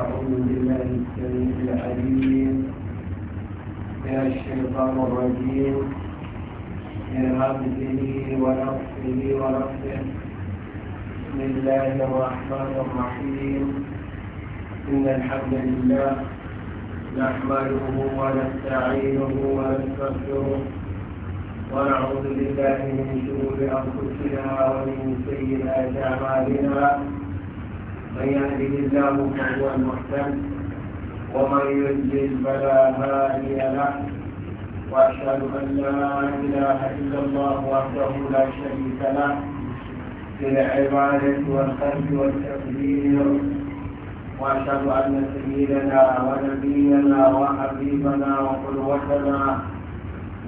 أعوذ بالله السميع العليم من الشيطان الرجيم من همزه ونفسه ونفسه بسم الله الرحمن الرحيم إن الحمد لله نحمده ونستعينه ونستغفره ونعوذ بالله من شرور أنفسنا ومن سيئات أعمالنا من يهده الله فهو المهتد ومن يضلل فلا هادي له واشهد ان لا اله الا الله وحده لا شريك له في العباده والخلق والتقدير واشهد ان سيدنا ونبينا وحبيبنا وقدوتنا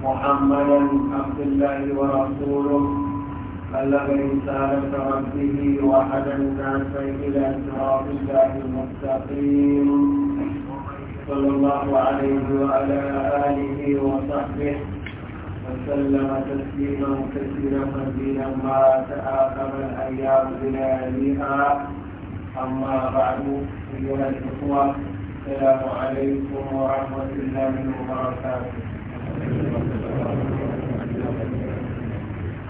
محمدا عبد الله ورسوله فلئن سالت بربه وحدا الناس الى صراط الله المستقيم صلى الله عليه وعلى اله وصحبه وسلم تسليما كثيرا مزيدا ما تآكم الايام بلياليها اما بعد ايها الاخوه السلام عليكم ورحمه الله وبركاته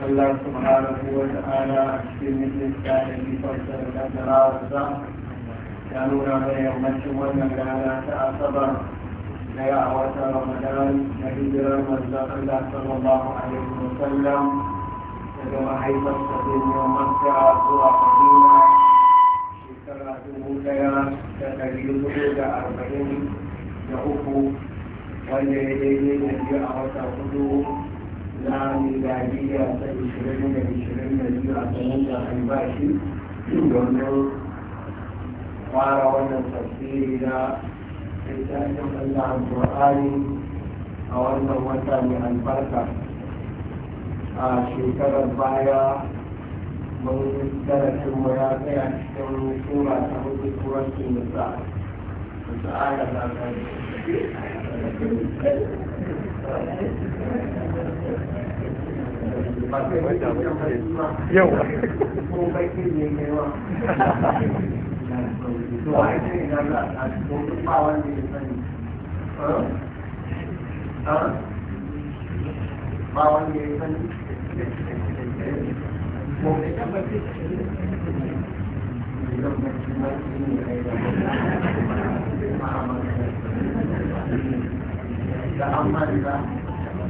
الله سبحانه وتعالى أكثر من لسانه فاجتنب تراوزه كانوا غير مشونا لا تأصبر لا يعوة رمضان نهجر المرزق الله صلى الله عليه وسلم كما حيث الصديق ومكة سوى قديمة شكرا تقولها تتجيزه لأربعين لأخو والذي يجب أن يعوة قدوه miladiya ta 2022 a sanantar albashi domin fara wannan tafsiri na littafin Allah al-Qur'ani a wannan wata mai albarka a shekarar baya mun darasin mu ya tsaya cikin sura ta hudu turar tunisa wata aya ta kai yau ba wanda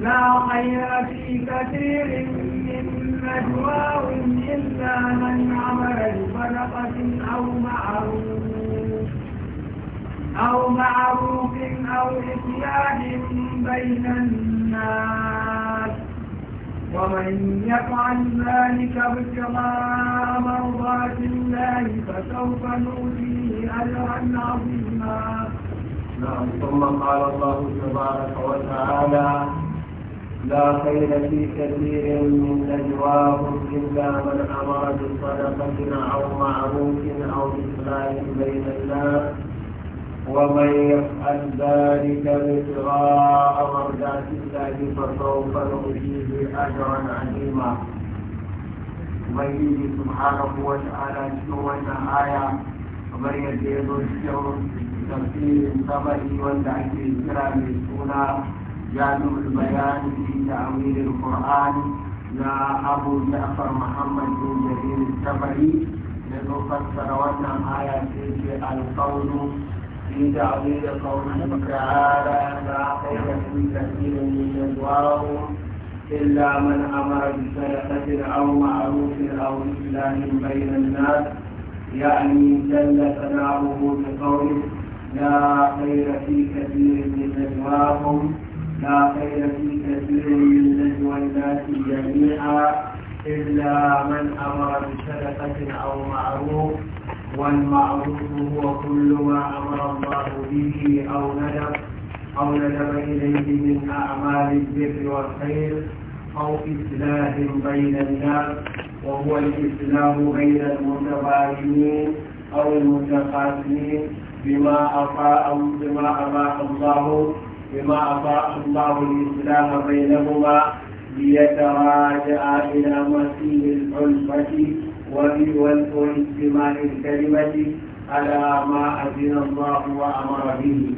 لا خير في كثير من نجواهم إلا من عمل بصدقة أو معروف أو معروف أو إصلاح بين الناس ومن يفعل ذلك ابتغاء مرضات الله فسوف نؤتيه أجرا عظيما. نعم ثم قال الله تبارك وتعالى لا خير في كثير من نجواهم الا من امر بصدقه او معروف او اصلاح بين الناس ومن يفعل ذلك ابتغاء مرضات الله فسوف نؤتيه اجرا عظيما ويجي سبحانه وتعالى شنو النهاية ومن يزيد الشر بتمثيل الثمر والدعي الكرام السنه جامع البيان في تعويل القرآن لا أبو جعفر محمد بن جرير السبعي لنفسر وأن آية القول في تعويل قوله تعالى لا خير في كثير من نجواهم إلا من أمر بصدقة أو معروف أو إصلاح بين الناس يعني جل ثناؤه بقوله لا خير في كثير من نجواهم لا خير في كثير من نجوى جميعا إلا من أمر بصدقة أو معروف والمعروف هو كل ما أمر الله به أو ندب أو ندب إليه من أعمال البر والخير أو إصلاح بين الناس وهو الإصلاح بين المتباينين أو المتقاسمين بما أباح الله بما أفاء الله الإسلام بينهما ليتراجع إلى مسيح الألفة والاستماع الكلمة على ما أذن الله وأمر به.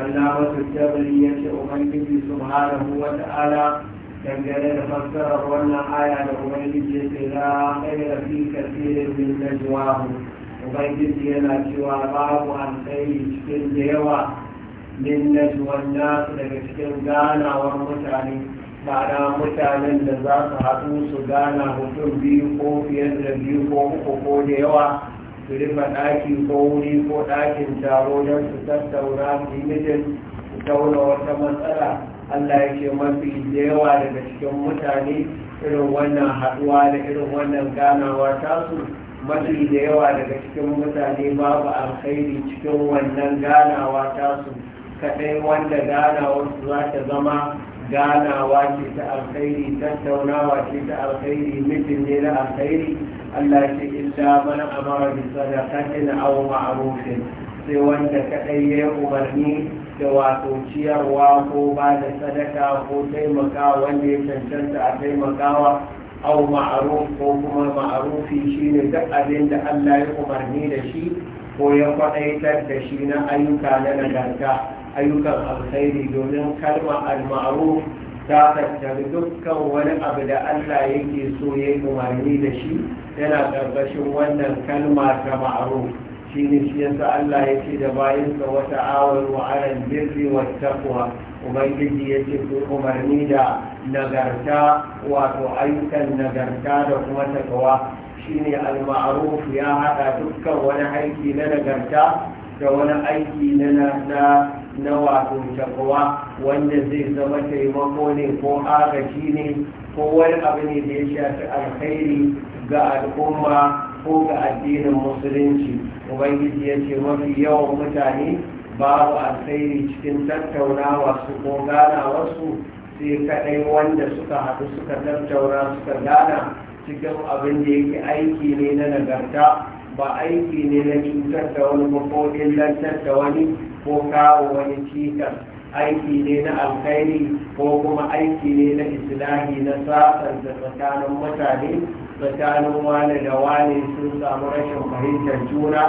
ألا النار الجبلية أغنيت سبحانه وتعالى كان قال فسر ولا آية أغنيت لا خير في كثير من نجواه أغنيت لنا جوا بعض عن خير في النجوى min najwan su daga cikin ganawar mutane ma'ana mutanen da za su haɗu su gana mutum biyu ko fiye da biyu ko uku ko da yawa su rufe ɗaki ko wuri ko ɗakin taro don su tattauna su yi mijin su tauna wata matsala Allah yake mafi da yawa daga cikin mutane irin wannan haɗuwa da irin wannan ganawa tasu mafi da yawa daga cikin mutane babu alkhairi cikin wannan ganawa tasu kaɗai wanda ganawarsu za ta zama ganawa ce ta alkhairi tattaunawa ce ta alkhairi mutum ne na alkhairi Allah ce illa mana amara bi sadaqatin aw ma'rufin sai wanda kadai ya umarni da wato ciyarwa ko ba da sadaka ko taimaka wanda ya cancanta a taimakawa aw ma'ruf ko kuma ma'rufi shine duk abin da Allah ya umarni da shi ko ya kwaɗaitar da shi na ayyuka na nagarta ayyukan alkhairi domin kalma al ta dukkan wani abu da Allah yake so ya yi umarni da shi yana ƙarƙashin wannan kalma ta ma'aru shi ne shi yasa Allah ya ce da bayansa wata awar wa aran birri wa taqwa ubangiji ya ce ku umarni da nagarta wato ayyukan nagarta da kuma takawa shine al-ma'ruf ya hada dukkan wani aiki na nagarta da wani aiki na na wato wanda zai zama taimako ne ko agaji ne ko wani abu ne da ya shafi alkhairi ga al'umma ko ga addinin musulunci ubangiji ya ce mafi yawan mutane babu alkhairi cikin tattaunawa su ko ganawa sai kaɗai wanda suka haɗu suka tattauna suka gana cikin abin da yake aiki ne na nagarta ba aiki ne na cutar da wani makonin lantar da wani ko kawo wani cikas aiki ne na alkhairi ko kuma aiki ne na islahi na sasanta tsakanin mutane tsakanin wane da wane sun samu rashin fahimtar juna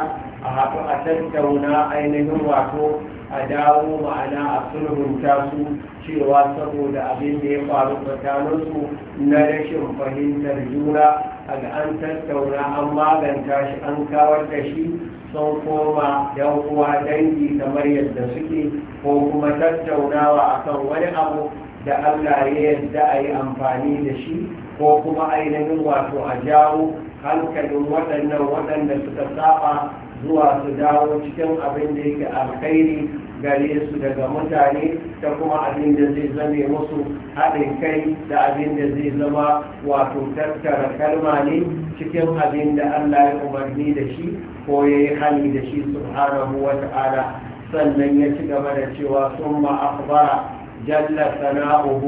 a haɗu a tattauna ainihin wato a dawo ma'ana a sulhunta su cewa saboda abin da ya faru tsakaninsu na rashin fahimtar juna a ga an tattauna an maganta shi an kawar da shi sun koma yan uwa dangi kamar yadda suke ko kuma tattaunawa akan wani abu da allah ya yadda a yi amfani da shi ko kuma ainihin wato a jawo hankalin waɗannan waɗanda suka saba zuwa su dawo cikin abin da yake alkhairi gare su daga mutane ta kuma abin da zai zame musu haɗin kai da abin da zai zama wato tattara kalma ne cikin abin da allah ya umarni da shi ko ya yi hali da shi subhanahu wa ta'ala sannan ya ci gaba da cewa sun ma'akbara جل ثناؤه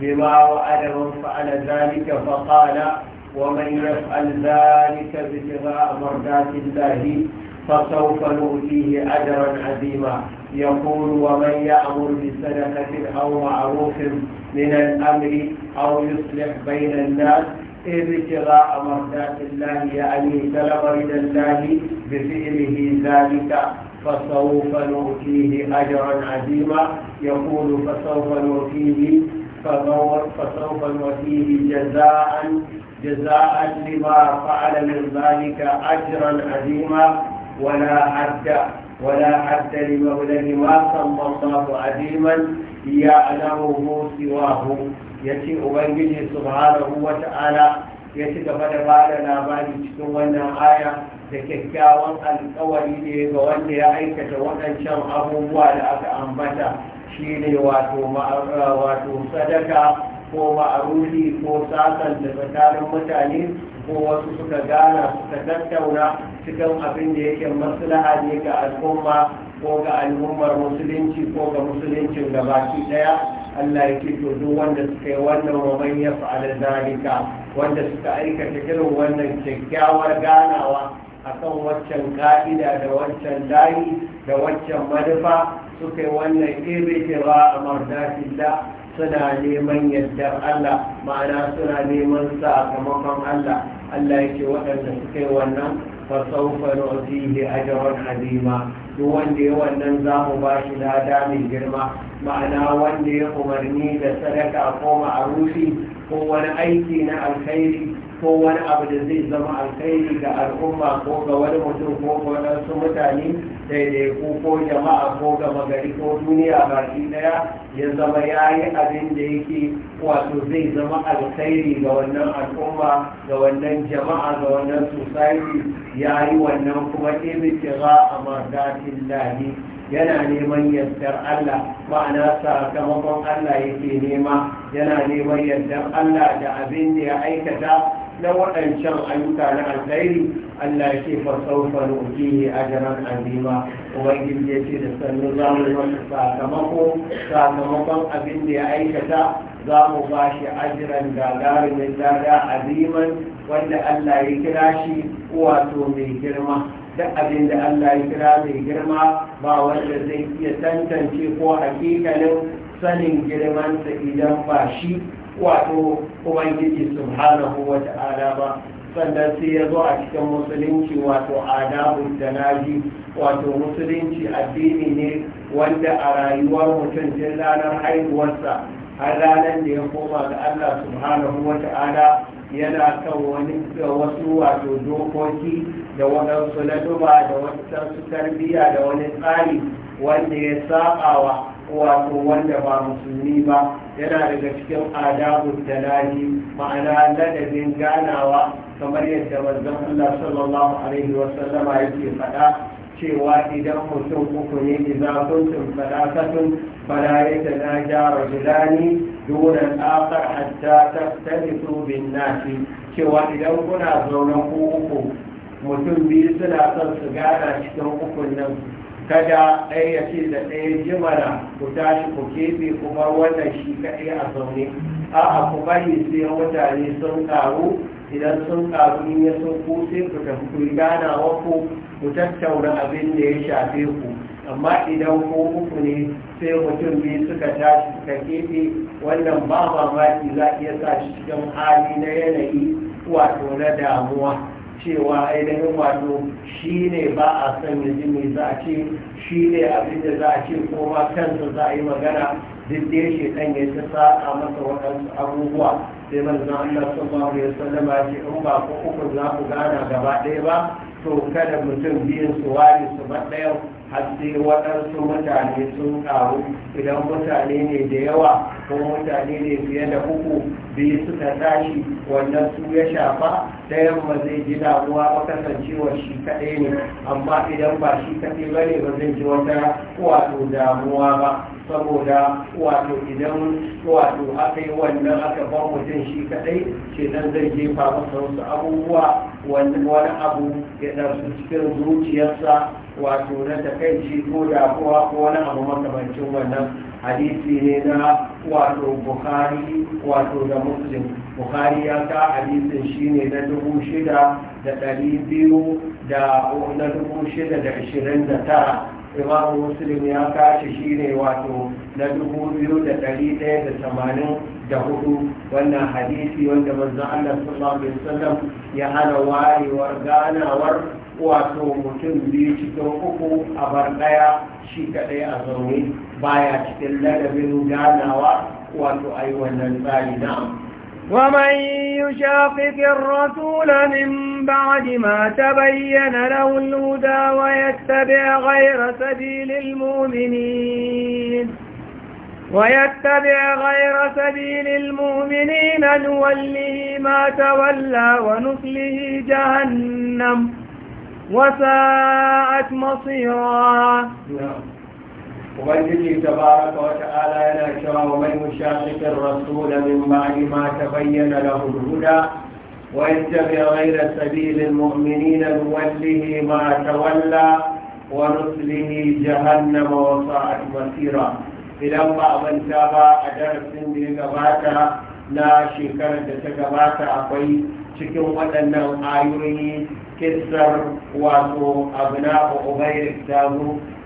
بما وعد من فعل ذلك فقال ومن يفعل ذلك ابتغاء مرضات الله فسوف نؤتيه أجرا عظيما يقول ومن يأمر بصدقة أو معروف من الأمر أو يصلح بين الناس ابتغاء مرضات الله يعني سلم رضا الله بفعله ذلك فسوف نؤتيه أجرا عظيما يقول فسوف نؤتيه فسوف نؤتيه جزاء جزاء لما فعل من ذلك أجرا عظيما ولا حد ولا حد لمولاه واصل الله عظيما يعلمه سواه يتي أبنجي سبحانه وتعالى yace gaba da ba da labari cikin wannan aya da kyakkyawan alkawari ne ga wanda ya aikata waɗancan abubuwa da aka ambata shi ne wato sadaka ko ma'aruri ko sasan da tsakanin mutane ko wasu suka gana suka tattauna cikin abin da yake maslaha ne ga al'umma ko ga al'ummar musulunci ko ga musuluncin da baki daya Allah ya fito duk wanda suka yi wannan wa man ya fa'ala zalika wanda suka aikata irin wannan kyakkyawar ganawa a kan waccan ka'ida da waccan layi da waccan manufa suka yi wannan a amardatillah suna neman yadda Allah ma'ana suna neman sakamakon Allah Allah yake waɗanda suka yi wannan fa sawfa nu'tihi ajran azima duk wanda ya wannan za mu ba shi lada mai girma ma'ana wanda ya umarni da sadaka ko ma'arufi ko wani aiki na alkhairi ko wani abu da zai zama alkhairi ga al'umma ko ga wani mutum ko ga wasu mutane daidaiku ko jama'a ko ga magari ko duniya baki daya ya zama ya yi abin da yake wato zai zama alkhairi ga wannan al'umma ga wannan jama'a ga wannan society ya yi wannan kuma ɗin kira a magatin lahi yana neman yardar Allah ma'ana sakamakon Allah yake nema yana neman yardar Allah da abin da ya aikata na waɗancan ayyuka na alkhairi Allah ya ce fa saufa nu'tihi ajran azima ubangiji ya ce da sannu za mu masa sakamako sakamakon abin da ya aikata za mu ba shi ajiran gagarumin lada aziman wanda Allah ya kira shi wato mai girma duk abin da Allah ya kira mai girma ba wanda zai iya tantance ko hakikalin sanin girmansa idan ba shi wato ubangiji subhanahu wa ta'ala ba sannan sai ya zo a cikin musulunci wato adabun ji wato musulunci addini ne wanda a rayuwar mutum tun ranar haihuwarsa har ranar da ya koma ga Allah subhanahu wa ta'ala yana kan wani wasu wato dokoki da waɗansu na duba da wasu tarbiyya da wani tsari wanda ya saɓawa wato wanda ba musulmi ba yana daga cikin adabun dalali ma'ana ladabin ganawa kamar yadda manzon Allah sallallahu alaihi wa sallama yake faɗa cewa idan mutum uku ne idan kuntum yadda na gyara gudani. دون الآخر حتى تختلفوا بالناس cewa idan kuna zaune ko uku mutum biyu suna son su gana cikin ukun nan kada ɗaya ya ce da ɗaya jimara ku tashi ku keɓe ku bar wannan shi kaɗai a zaune a'a ku bari sai mutane sun ƙaru idan sun ƙaru in ya sun ku sai ku tafi ku gana ku ku tattauna abin da ya shafe ku amma idan ko uku ne sai mutum biyu suka tashi suka kefe wannan ba mamaki za iya sa shi cikin hali na yanayi wato na damuwa cewa ainihin wato shi ne ba a son ya ji mai za a ce shi ne abin da za a ce ko ma kansa za a yi magana duk da shi kan ya ta masa waɗansu abubuwa sai zan Allah sallallahu ba mu ya shi in ba ko uku za ku gana gaba ɗaya ba to kada mutum biyun su ware su ba ɗaya har sai waɗansu mutane sun karu idan mutane ne da yawa ko mutane ne fiye da uku biyu suka tashi wannan su ya shafa ɗayan yamma zai ji damuwa ba kasancewa shi kaɗai ne amma idan ba shi kaɗai bane ba zai ji wata wato damuwa ba saboda wato idan wato aka yi wannan aka bar mutum shi kadai ce nan zai jefa masa wasu abubuwa wani abu ya ɗarsu cikin zuciyarsa wato na takaici ko da kowa ko wani abu makamancin wannan hadisi ne na wato bukhari wato da muslim bukari ya ka hadisin shi ne na dubu shida da ɗari biyu da na dubu shida da ashirin da tara imam muslim ya kashe shi ne wato na dubu biyu da ɗari ɗaya da tamanin da hudu wannan hadisi wanda manzo Allah sallallahu alaihi wasallam ya hana wayewar ganawar wato mutum biyu cikin uku a bar ɗaya shi kaɗai a zaune baya cikin ladabin ganawa wato ai wannan tsari na'am ومن يشاقق الرسول من بعد ما تبين له الهدى ويتبع غير سبيل المؤمنين ويتبع غير سبيل المؤمنين نوله ما تولى ونصله جهنم وساءت مصيرا نعم. ubangiji tabaraka wa ta'ala yana cewa wa man rasu rasul min ba'di ma tabayyana lahu al-huda wa yattabi' ghayra sabili al-mu'minina nuwallihi ma tawalla wa nuslihi jahannama wa sa'at masira idan ba ta ba a darasin da ya gabata na shekarar da ta gabata akwai cikin waɗannan ayoyi kissar wato abu na ubairik ta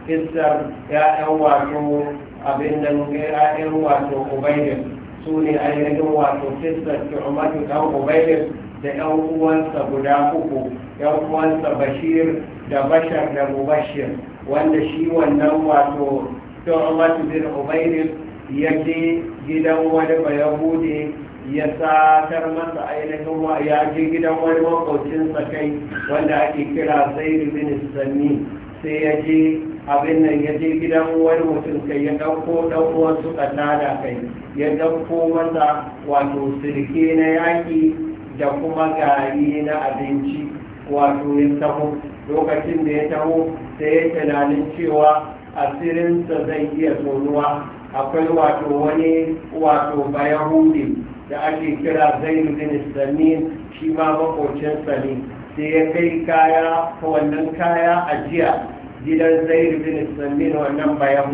iskar ya'yan wato abin da ya'yan wato ubaidin su ne ainihin wato iskar ki'umatu ɗan ubaidin da yan uwansa guda uku yan uwansa bashir da bashar da mubashir wanda shi wannan wato ki'umatu bin ubaidin ya je gidan wani bayahude ya satar masa ainihin wa ya je gidan wani makocinsa kai wanda ake kira zai bin sami sai ya je abin nan ya je gidan wani mutum kai ya ɗauko ɗan uwansu da kai ya ɗauko masa wato sirke na yaƙi da kuma gari na abinci wato ya taho lokacin da ya taho sai ya tunanin cewa asirinsa zai iya tonuwa akwai wato wani wato bayahudi da ake kira zainu bin samin shi ma makocinsa ne sai ya kai kaya wannan kaya ajiya gidan zaid bin samin wannan ba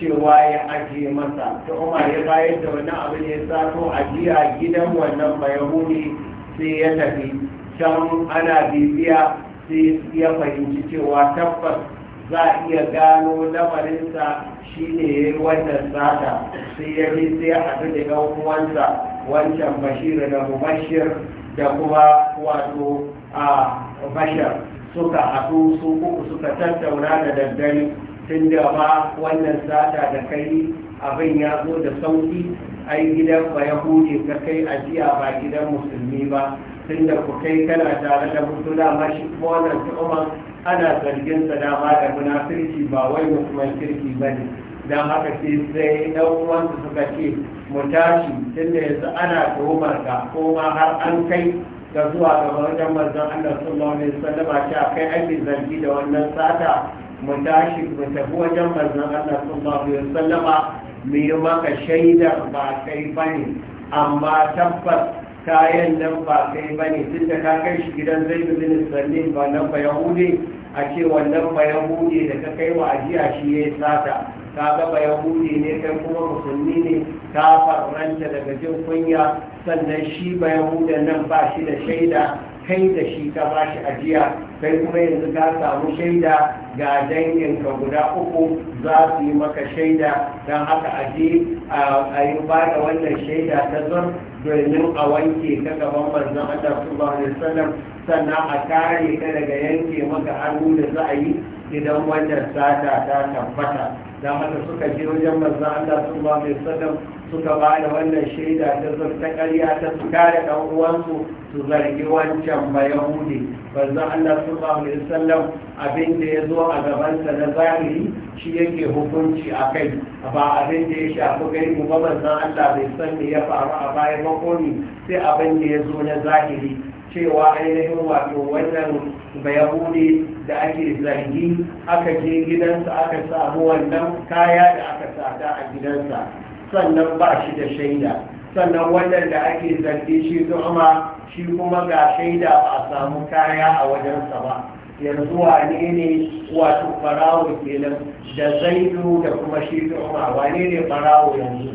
cewa ya ajiye masa ta umar ya bayar da abu ne ya sato ajiya gidan wannan bayahudi sai ya tafi can ana bibiya sai ya fahimci cewa tabbas za a iya gano lamarinsa shi ne ya yi wannan sata sai ya bi sai haɗu da ɗan wancan bashir da mubashir da kuma wato a bashar suka haɗu su uku suka tattauna da daddare tun da ba wannan sata da kai abin ya zo da sauki ai gidan ba ya hude ka kai a jiya ba gidan musulmi ba tun da ku kai kana tare da mutu, da wannan umar, ana zargin sa dama da munafirci ba wai musulman kirki ba ne don haka sai sai ɗan uwansu suka ce mu tashi tun da yanzu ana tuhumar ka ko ma har an kai da zuwa ga wajen manzon Allah sallallahu alaihi wasallam ce kai ake zargi da wannan sata mu tashi mu tafi wajen manzon Allah sallallahu alaihi wasallam mu yi maka shaidar ba kai bane amma tabbas kayan nan ba kai bane tun da ka kai shi gidan zai bin sallin ba nan ba yahudi a ce wannan ba yahudi da ka kai wa ajiya shi ya sata ka ga yahudi ne kai kuma musulmi ne ka faranta daga jin kunya sannan shi ba nan ba shi da shaida kai da shi ka ba shi ajiya sai kuma yanzu ka samu shaida ga danginka guda uku za su yi maka shaida don haka aje a yi ba da wannan shaida ta zon domin a wanke ta gaban manzon Allah sallallahu alaihi wasallam sannan a kare ka daga yanke maka hannu da za a yi idan wannan sata ta tabbata da haka suka je wajen manzon Allah sallallahu alaihi wasallam suka ba da wannan shaida ta zarta karya ta su kare ɗan uwansu su zargi wancan ba yahudi banzan allah sallallahu alaihi wasallam abin da ya zo a gabansa na zahiri shi yake hukunci a kai ba abin da ya shafi gaibu ba banzan allah bai san me ya faru a baya ba sai abin da ya zo na zahiri cewa ainihin wato wannan bayahudi da ake zargi aka je gidansa aka samu wannan kaya da aka sata a gidansa sannan ba shi da shaida sannan wannan da ake zargi shi tuhuma shi kuma ga shaida ba a samu kaya a wajensa ba yanzu wane ne wato farawo kenan da zaidu da kuma shi tuhuma wane ne farawo yanzu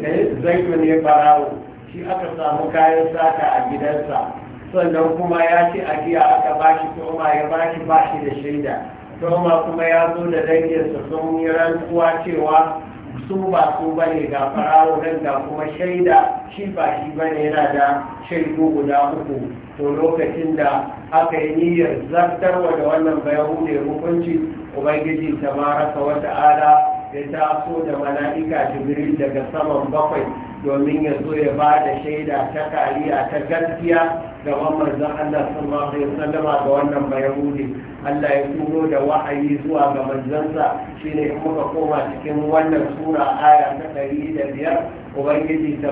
eh, zaidu ne farawo shi aka samu kayan sata a gidansa sannan kuma ya ce a jiya aka ba shi tuhuma ya ba shi ba shi da shaida tuhuma kuma ya zo da danginsa sun yi rantsuwa cewa su ba su bane ga nan ga kuma shaida shi ba shi bane yana da shaidu guda uku to lokacin da aka yi niyyar zartarwa da wannan bayahude hukunci ubangiji ta tabaraka wata ala ya taso da mala'ika jibril daga saman bakwai domin ya zo ya ba da shaida ta kariya ta gaskiya ga manzon Allah sallallahu alaihi ga wannan bayahudi Allah ya turo da wahayi zuwa ga manzansa shine muka koma cikin wannan sura aya ta ɗari da biyar ubangiji ta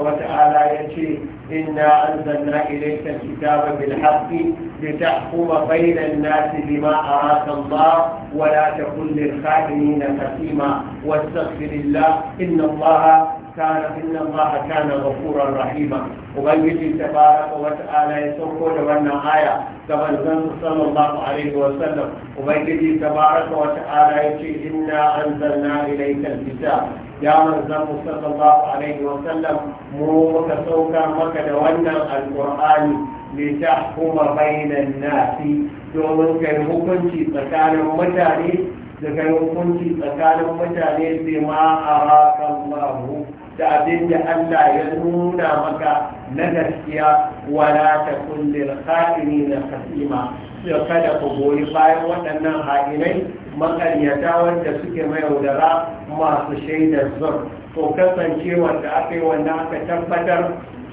wata ala ya ce inna zanna ilayka alkitaba bil haqqi litahkuma bayna an-nasi bima araka Allah wa la takun lil kha'inina khasima wastaghfirillah inna Allah kana inna allaha kana ghafuran rahima ubangiji tabaraka wa ta'ala ya sauko da wannan aya ga manzon sallallahu alaihi wa sallam ubangiji tabaraka wa ta'ala ya ce inna anzalna ilayka alkitab ya manzon sallallahu alaihi wa sallam mu muka sauka maka da wannan alqur'ani litahkuma bainan nasi domin kai hukunci tsakanin mutane da kai hukunci tsakanin mutane bima araka Allahu da abin da Allah ya nuna maka na gaskiya wala ta kullil kha'ini na kasima ya kada ku goyi bayan waɗannan ha'inai makaryata wanda suke mayaudara masu shaidar zur to kasance wanda aka yi wanda aka tabbatar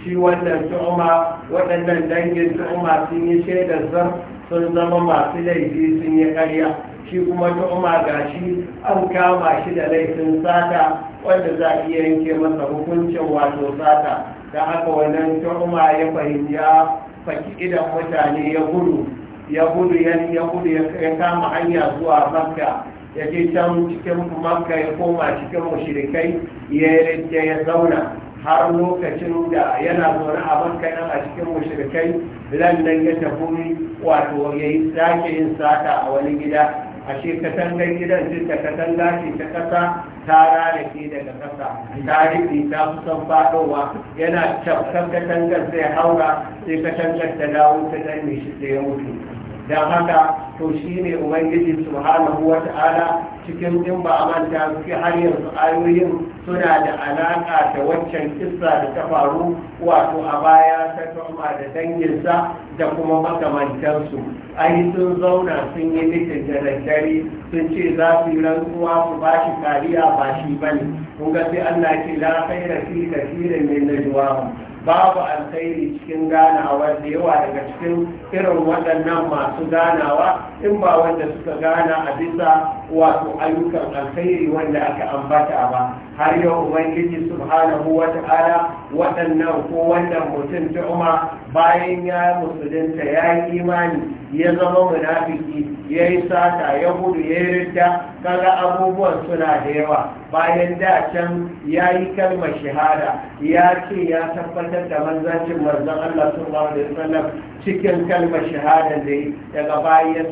shi wannan tu'uma waɗannan dangin tu'uma sun yi shaidar zur sun zama masu laifi sun yi ƙarya shi kuma tuhuma gashi an kama shi da laifin sata wanda za a iya yanke masa hukuncin wato sata da haka wannan tuhuma ya fahimci ya faki idan mutane ya gudu ya gudu ya kama hanya zuwa makka ya ke can cikin makka ya koma cikin mushrikai ya ya zauna har lokacin da yana zaune a makka nan a cikin mushrikai lallan ya tafi wato ya yi sake yin sata a wani gida ashe katangar gidan duk da katanga ce ta kasa ta rarrafe daga kasa ta rufe ta kusan fadowa yana cafkan katangar zai haura sai katangar ta dawo ta danne shi sai ya mutu da haka to shine ubangiji subhanahu wa ta'ala cikin din ba a suke har yanzu ayoyin suna da alaka da waccan kissa da ta faru wato a baya ta tuma da danginsa da kuma makamantansu ai sun zauna sun yi mitin da daddare sun ce za su yi rantsuwa su ba shi kariya ba shi bane kun ga sai Allah ce la khaira fi kathirin min najwahum babu alkhairi cikin ganawa da yawa daga cikin irin waɗannan masu ganawa in ba wanda suka gana a bisa wato ayyukan alkhairi wanda aka ambata ba har yau ubangiji subhanahu wa ta'ala waɗannan ko wannan mutum ta umar bayan ya musulunta ya yi imani ya zama munafiki ya yi sata ya gudu ya yi ridda kaga abubuwan suna da yawa bayan da can ya yi kalmar shahada ya ce ya tabbatar da manzancin manzon Allah sallallahu alaihi wasallam cikin kalmar shahada da yi daga baya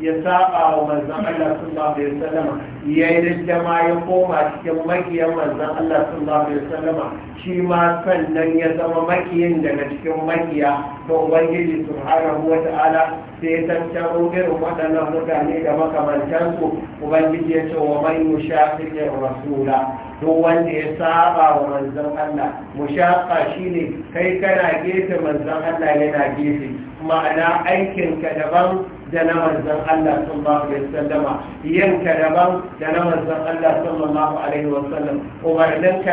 ya saba wa manzan Allah ba bai salama ya yi daddama ya koma cikin makiyan manzan Allah ba bai salama shi ma sannan ya zama makiyin daga cikin makiya ta ubangiji wata ala sai tantaro irin waɗannan mutane da makamantansu ubangiji ya ce wa mai mushafiqin rasula duk wanda ya saba wa manzan Allah shi ne, kai kana gefe manzon Allah yana gefe ma'ana aikinka daban da na manzan Allah sallallahu alaihi wasallama yanka daban da na manzan Allah sallallahu alaihi wasallam ka daban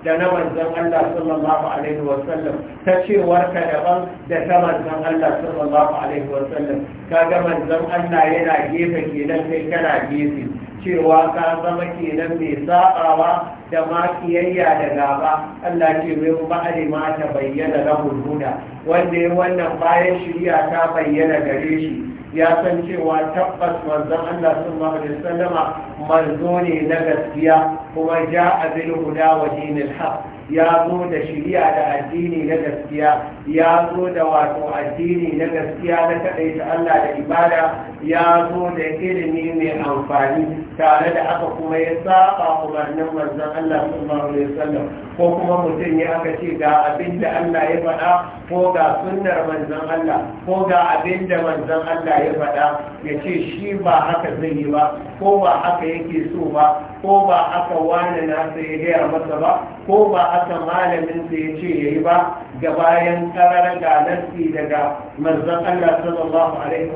da na manzan Allah sallallahu alaihi wasallam ta ka daban da ta manzan Allah sallallahu alaihi wasallam kaga manzan Allah yana gefe kenan kai kana gefe cewa ka zama kenan mai sabawa da makiyayya da gaba Allah ce mai ba'ari ma ta bayyana lahul huda wanda ya wannan bayan shirya ta bayyana gare shi ya san cewa tabbas manzon Allah sun alaihi salama manzo ne na gaskiya kuma ja bil huda wa dinil haqq ya zo da shirya da addini na gaskiya ya zo da wato addini na gaskiya na kaɗaita Allah da ibada ya zo da ilimi mai amfani tare da aka kuma ya saba umarnin manzon Allah sallallahu alaihi wasallam ko kuma mutum ya aka ce ga abin da Allah ya faɗa ko ga sunnar manzon Allah ko ga abin da manzon Allah ya faɗa ya ce shi ba haka zai yi ba ko ba haka yake so ba ko ba haka wani nasa ya gaya masa ba ko ba haka malamin sa ya ce ya yi ba ga bayan karar ga nasi daga manzon Allah sallallahu alaihi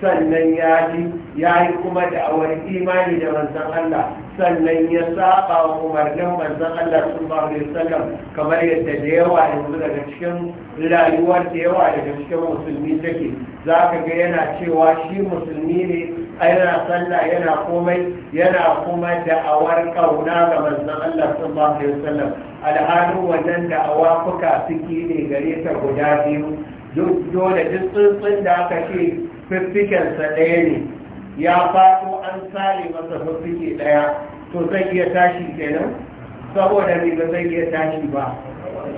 sannan ya ji ya yi kuma da'awar imani da manzan Allah sannan ya saba wa umarnin manzan Allah ba alaihi wasallam kamar yadda da yawa yanzu daga cikin rayuwar da yawa daga cikin musulmi take za ka ga yana cewa shi musulmi ne A yana sallah yana komai yana kuma da'awar kauna ga manzan Allah ba alaihi wasallam alhalin wannan da awa fuka suke ne gare ta guda biyu dole duk tsuntsun da aka ce fiffikensa ɗaya ne ya faɗo an sare masa fiffike ɗaya to zai iya tashi kenan saboda ne ba zai iya tashi ba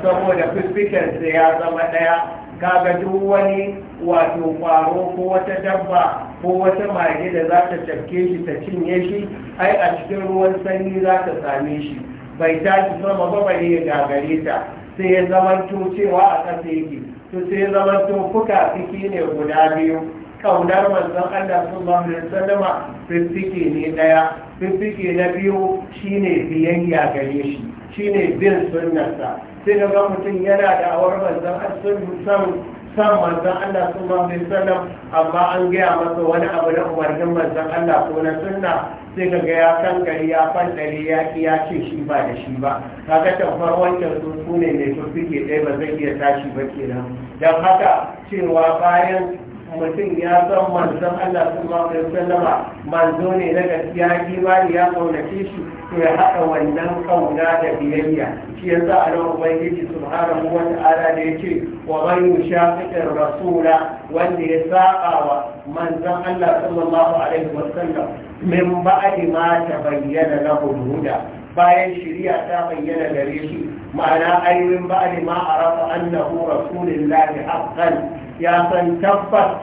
saboda fiffikensa ya zama ɗaya kaga duk wani wato kwaro ko wata dabba ko wata mage da za ta tafke shi ta cinye shi ai a cikin ruwan sanyi za ta same shi bai tashi sama ba bai ya gagare ta sai ya zamanto cewa a ƙasa yake to sai ya zamanto fuka ne guda biyu kaunar manzon Allah sallallahu alaihi wasallama fiffike ne daya fiffike na biyu shine biyayya gare shi shine bin sunnarsa sai ga mutum yana da awar manzon Allah san manzon Allah sallallahu alaihi wasallam amma an gaya masa wani abu na umarnin manzon Allah ko na sunna sai ga ga ya san gari ya dare ya ki ce shi ba da shi ba kaga tamfar wancan sune ne mai fike ɗaya ba zai iya tashi ba kenan dan haka cewa bayan mutum ya san manzon Allah ma alaihi sallama manzo ne na gaskiya imani ya kaunace shi to ya haɗa wannan kauna da biyayya shi yasa a nan ubangiji subhanahu wa ta'ala da ce wa man yushaqiqir rasula wanda ya saƙa wa manzon Allah sallallahu alaihi sallam min ba'di ma tabayyana lahu huda bayan shari'a ta bayyana gare shi معنى أي من بعد ما عرف أنه رسول الله حقا يا من تبت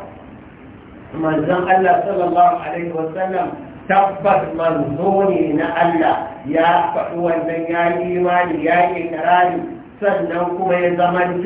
من زم الله صلى الله عليه وسلم تبت من زوني نألا يا فهو من يا إيمان يا إكرام سنوكم يا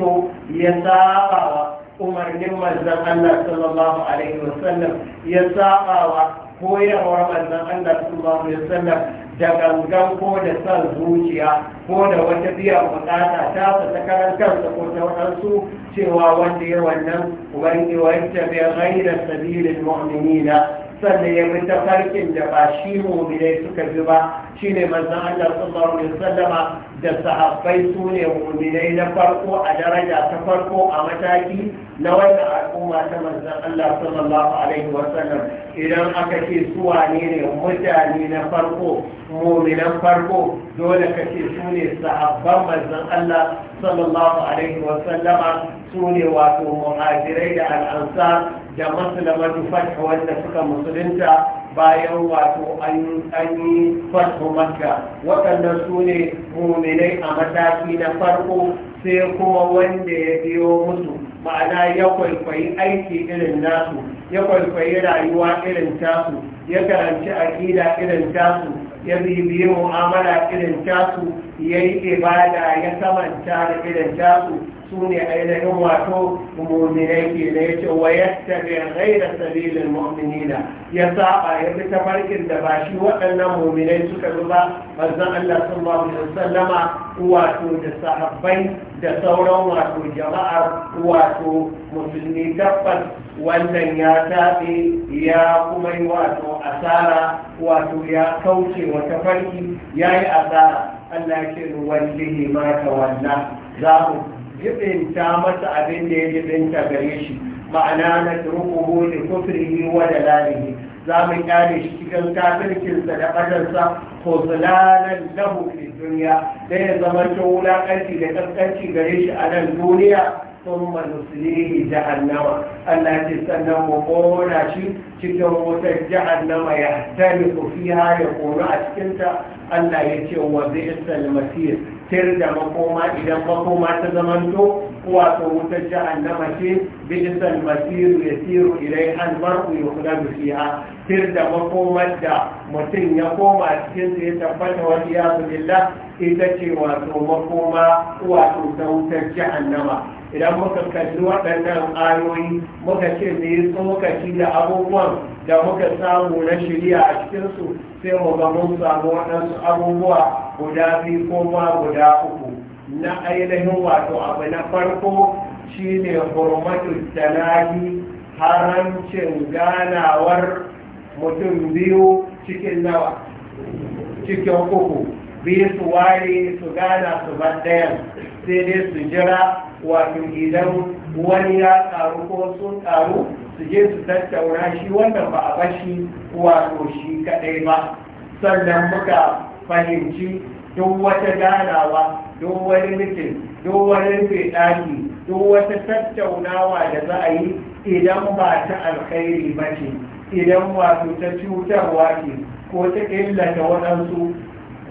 يساقى أمر نمى زم الله صلى الله عليه وسلم يا ساقا يرى من الله صلى الله عليه وسلم da gangan ko da son zuciya ko da wata biyan bukata ta su ta karantar kansa ko ta wadansu cewa wanda ya wannan wani wancan bai da sabilin mu'minina sannan ya bi ta farkin da ba shi mu'minai suka bi ba shine manzan Allah sallallahu alaihi wasallama da sahabbai su ne mu'minai na farko a daraja ta farko a mataki na wannan al'umma ta manzan Allah sallallahu alaihi wasallam idan aka ce su wane ne mutane na farko mu'minan farko dole ka ce su ne sahabban manzan Allah sallallahu alaihi wasallama su ne wato muhajirai da al'ansar da masu da wanda suka musulunta bayan wato an yi farko makka waɗannan su ne muminai a mataki na farko sai kuma wanda ya biyo musu ma'ana ya kwaikwayi aiki irin nasu ya kwaikwayi rayuwa irin tasu ya karanci aƙida irin tasu ya bibiyi mu'amala irin tasu ya yi ibada ya samanta da irin tasu su ne ainihin wato muminai ke da ya ce wa yadda bai gaira sabilin mu'minina ya saba ya fi tafarkin da ba shi waɗannan muminai suka bi ba manzon Allah sallallahu alaihi wasallama wato da sahabbai da sauran wato jama'ar wato musulmi tabbas wannan ya tafi ya kuma yi wato asara wato ya kauce wata tafarki ya yi asara Allah ya ce wallahi ma tawalla za jibinta masa abin da ya jibinta gare shi ma'ana na turuhu da kufrihi wa dalalihi za mu kyale shi cikin kafircinsa da fadarsa ko zulalan lahu fi duniya da ya zama ta wulakanci da kaskanci gare shi a nan duniya ثم نصليه ce sannan سنه قولا shi cikin wutar jahannama ya ku fiha ya koro a cikinta Allah ya ce wa zai isa tir da makoma idan makoma ta zamanto wato wutar jahannama ce bijisan basiru ya siru ilai an barku ya kula da fiha tir da makoma da mutum ya koma cikin su ya tabbata wa iyazu billah ita ce wato makoma wato ta wutar jahannama idan muka kalli waɗannan ayoyi muka ce me yi ci da abubuwan da muka samu na shirya a cikinsu sai mu ga mun samu waɗansu abubuwa guda biyu ko ma guda uku na ainihin wato abu na farko shi shine hurmatu talahi harancin ganawar mutum biyu cikin nawa cikin uku biyu su ware su gana su bar ɗayan sai dai su jira wato idan wani ya karu ko sun karu su je su tattauna shi wanda ba a bashi wato shi kadai ba sannan muka fahimci duk wata ganawa duk wani mutum duk wani rufe ɗaki duk wata tattaunawa da za a yi idan ba ta alkhairi ba ce idan wato ta cutarwa ce ko ta illata waɗansu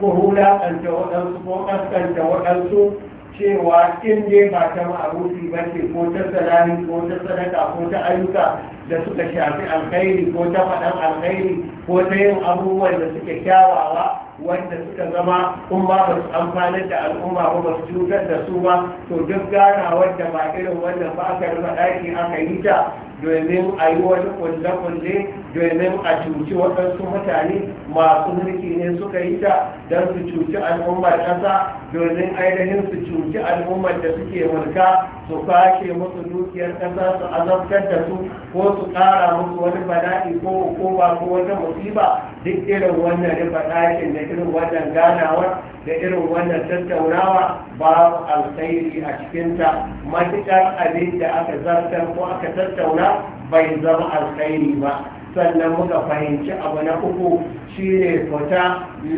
ko hulaƙanta waɗansu ko ƙasƙanta waɗansu cewa in dai ba ta ma'arufi ba ce ko ta salami ko ta sadaka ko ta ayyuka da suka shafi alkhairi ko ta faɗan alkhairi ko ta yin abubuwan da suke kyawawa wanda suka zama kun ba su amfanar da al'umma ba ba su cutar da su ba to duk ganawar da ba irin wannan ba aka rufa ɗaki aka yi ta domin a yi wani kulle-kulle domin a cuci waɗansu mutane masu mulki ne suka yi ta don su cuci al'ummar ƙasa domin ainihin su cuci al'ummar da suke mulka su kwashe musu dukiyar kasa su azabtar da su ko su kara musu wani bala'i ko hukuma ko wata musiba duk irin wannan rufe ɗakin da irin wannan ganawar da irin wannan tattaunawa babu alkhairi a cikinta matuƙar abin da aka zartar ko aka tattauna bai zama alkhairi ba sannan muka fahimci abu na uku shine fita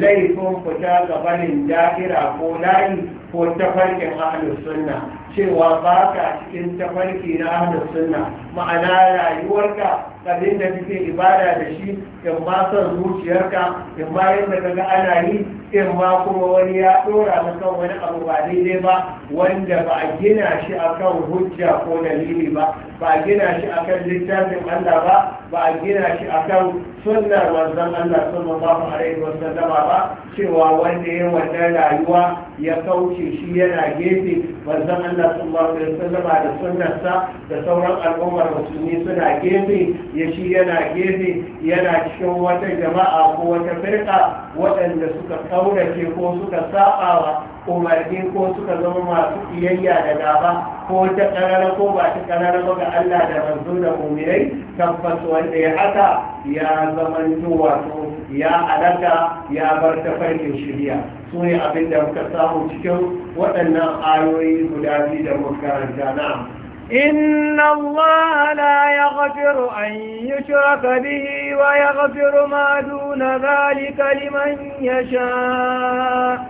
laifin fita gabanin da'ira ko layi ko tafarkin ahalus sunna cewa ba ka cikin tafarki na ahalus sunna ma'ana rayuwarka abin da kake ibada da shi in ma son zuciyarka in ma yadda kaga ana yi in ma kuma wani ya dora maka wani abu ba daidai ba wanda ba a gina shi akan hujja ko dalili ba ba a gina shi akan littafin Allah ba ba a gina shi akan sunnar manzon Allah sallallahu alaihi wasallam ba cewa wanda ya wanda rayuwa ya kauce shi yana gefe manzon Allah sallallahu alaihi wasallam da sunnarsa da sauran al'ummar musulmi suna gefe ya shi yana gefe yana cikin wata jama'a ko wata firka waɗanda suka kaurace ko suka saɓawa umarni ko suka zama masu iyayya da gaba ko ta ƙarara ko ba ta ƙarara ba ga Allah da manzo da mumirai tabbas wanda ya haka ya zama wato ya alaka ya bar ta farkin shirya su ne abin da muka samu cikin waɗannan ayoyi guda biyu da muka karanta na'am إن الله لا يغفر أن يشرك به ويغفر ما دون ذلك لمن يشاء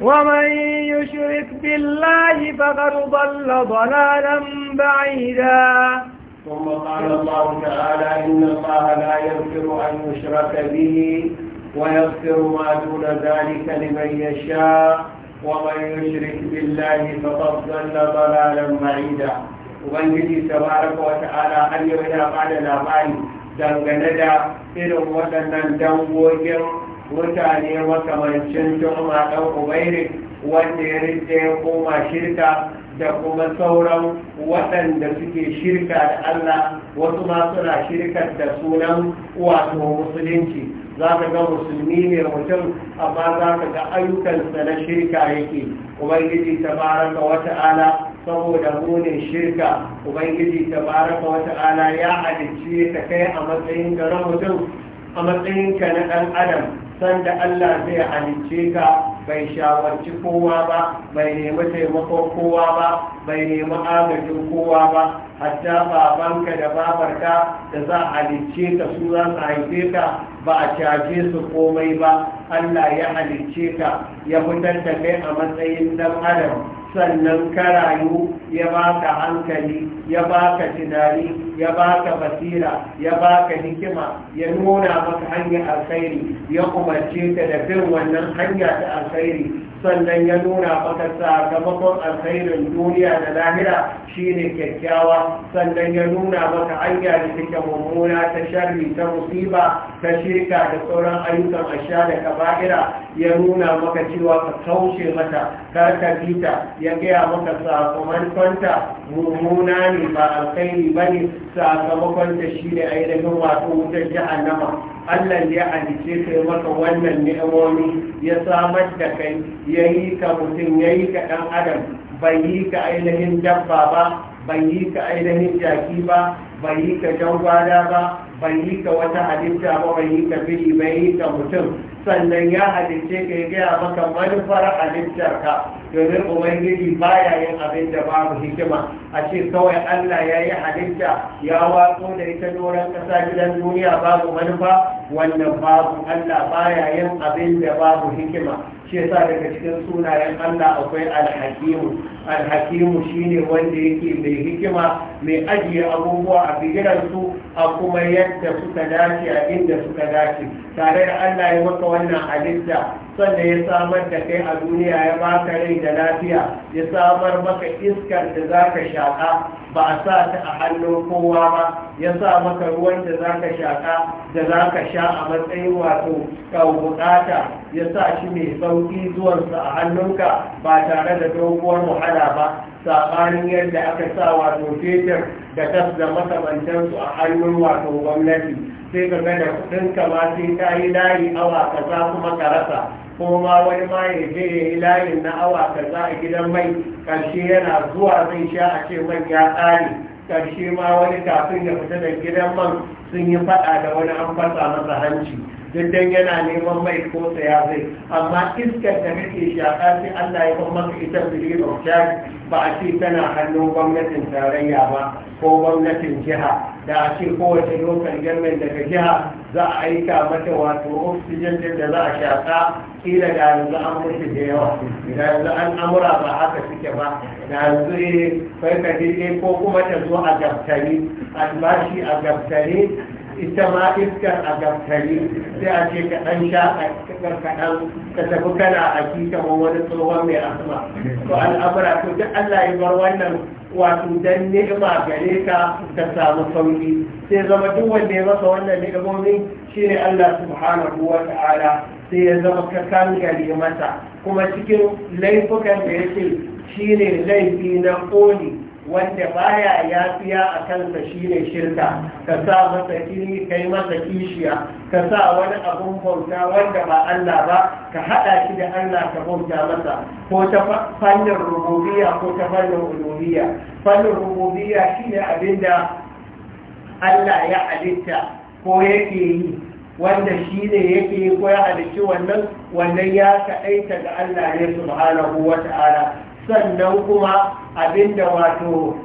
ومن يشرك بالله فقد ضل ضلالا بعيدا ثم قال الله تعالى إن الله لا يغفر أن يشرك به ويغفر ما دون ذلك لمن يشاء ومن يشرك بالله فقد ضل ضلالا بعيدا ubangiji tabaraka wa ta'ala har yau yana bada labari dangane da irin waɗannan dangogin mutane makamancin tuhuma ɗan ubairi wanda ya rike ya koma shirka da kuma sauran waɗanda suke shirka da Allah wasu ma suna shirkar da sunan wato musulunci za ka ga musulmi ne mutum amma za ka ga ayyukansa na shirka yake ubangiji tabaraka wata'ala saboda munin shirka ubangiji tabaraka wata'ala ya halicci ka kai a matsayin garin mutum a matsayinka na ɗan adam sanda Allah zai halicce ka bai shawarci kowa ba bai nemi taimakon kowa ba bai nemi agajin kowa ba hatta babanka da babarka da za a halicce ka su za su haife ka ba a caje su komai ba allah ya halicce ka ya fitar da kai a matsayin dan adam sannan ka rayu ya baka hankali ya baka tunani ya baka basira ya baka hikima ya nuna maka hanyar alkhairi ya umarce ka da bin wannan hanya ta alkhairi sannan ya nuna maka sakamakon alkhairin duniya da lahira shine kyakkyawa sannan ya nuna maka hanya da take mummuna ta sharri ta musiba ta shirka da sauran ayyukan asha da kaba'ira ya nuna maka cewa ka kauce mata kar bita ya gaya maka kwanta mummuna ne ba alkhairi bane sakamakonta shine ainihin wato wutar nama. Allah ya halice ka yi maka wannan ni'imomi ya samar da kai ya yi ka mutum ya yi ka ɗan adam bai yi ka ainihin dabba ba bai yi ka ainihin jaki ba bai yi ka jangwada ba ban yi ka wata halitta ba ban yi ka biri ban yi ka mutum sannan ya halitta ka yi gaya maka manufar halittar ka domin ubangiji ya yin abin da babu hikima a ce kawai allah ya yi halitta ya watsu da ita doron kasa gidan duniya babu manufa wannan babu allah ba ya yin abin da babu hikima shi yasa daga cikin sunayen Allah akwai alhakimu alhakimu shine wanda yake mai hikima mai ajiye abubuwa a su, a kuma yadda suka dace a inda suka dace tare da Allah ya maka wannan halitta sanda ya samar da kai a duniya ya baka rai da lafiya ya samar maka iskar da zaka shaka ba a sa ta a hannun kowa ba ya sa maka ruwan da zaka shaka da zaka sha a matsayin wato ka bukata ya sa shi mai sauki zuwansa a hannunka ba tare da doguwar wahala ba Sabanin yadda aka sa wato fetur da tas da makamantansu a hannun wato gwamnati sai ka ga da kuɗin kama sai ta yi layi awa ka za kuma ka rasa kuma ma wani ma ya je ya yi layin na awa ka za a gidan mai ƙarshe yana zuwa zai sha a ce man ya ƙare karshe ma wani kafin ya fita da gidan man sun yi faɗa da wani an fasa masa hanci dindin yana neman mai ko tsaya zai amma iskar da muke shaka sai Allah ya kuma maka ita biri of charge ba a ce tana hannun gwamnatin tarayya ba ko gwamnatin jiha da a ce kowace lokal gamin daga jiha za a aika mata wato oxygen din da za a shaka kila da yanzu an mutu da yawa da yanzu an amura ba haka suke ba da yanzu eh ka eh, ko kuma ta zo a ba albashi a gaftari. ita ma iskar a gaftari sai a ce kaɗan sha a kaɗan ka tafi kana a kika ma wani tsohon mai asma to al'amura to duk Allah ya bar wannan wato dan ni'ima gare ka ka samu sauki sai zama duk wanda ya masa wannan ni'imomi shine Allah subhanahu wa ta'ala sai ya zama ka gari masa kuma cikin laifukan da ya yake shine laifi na koli wanda baya yafiya a kansa shine shirka ka sa masa kini kai masa kishiya ka sa wani abun bauta wanda ba Allah ba ka hada shi da Allah ka bauta masa ko ta fannin rububiyya ko ta fannin uluhiyya fannin rububiyya shine abinda Allah ya halitta ko yake yi wanda shi ne yake yi ko ya halicci wannan wannan ya kaɗaita ga Allah ne subhanahu wa ta'ala sannan kuma abinda wato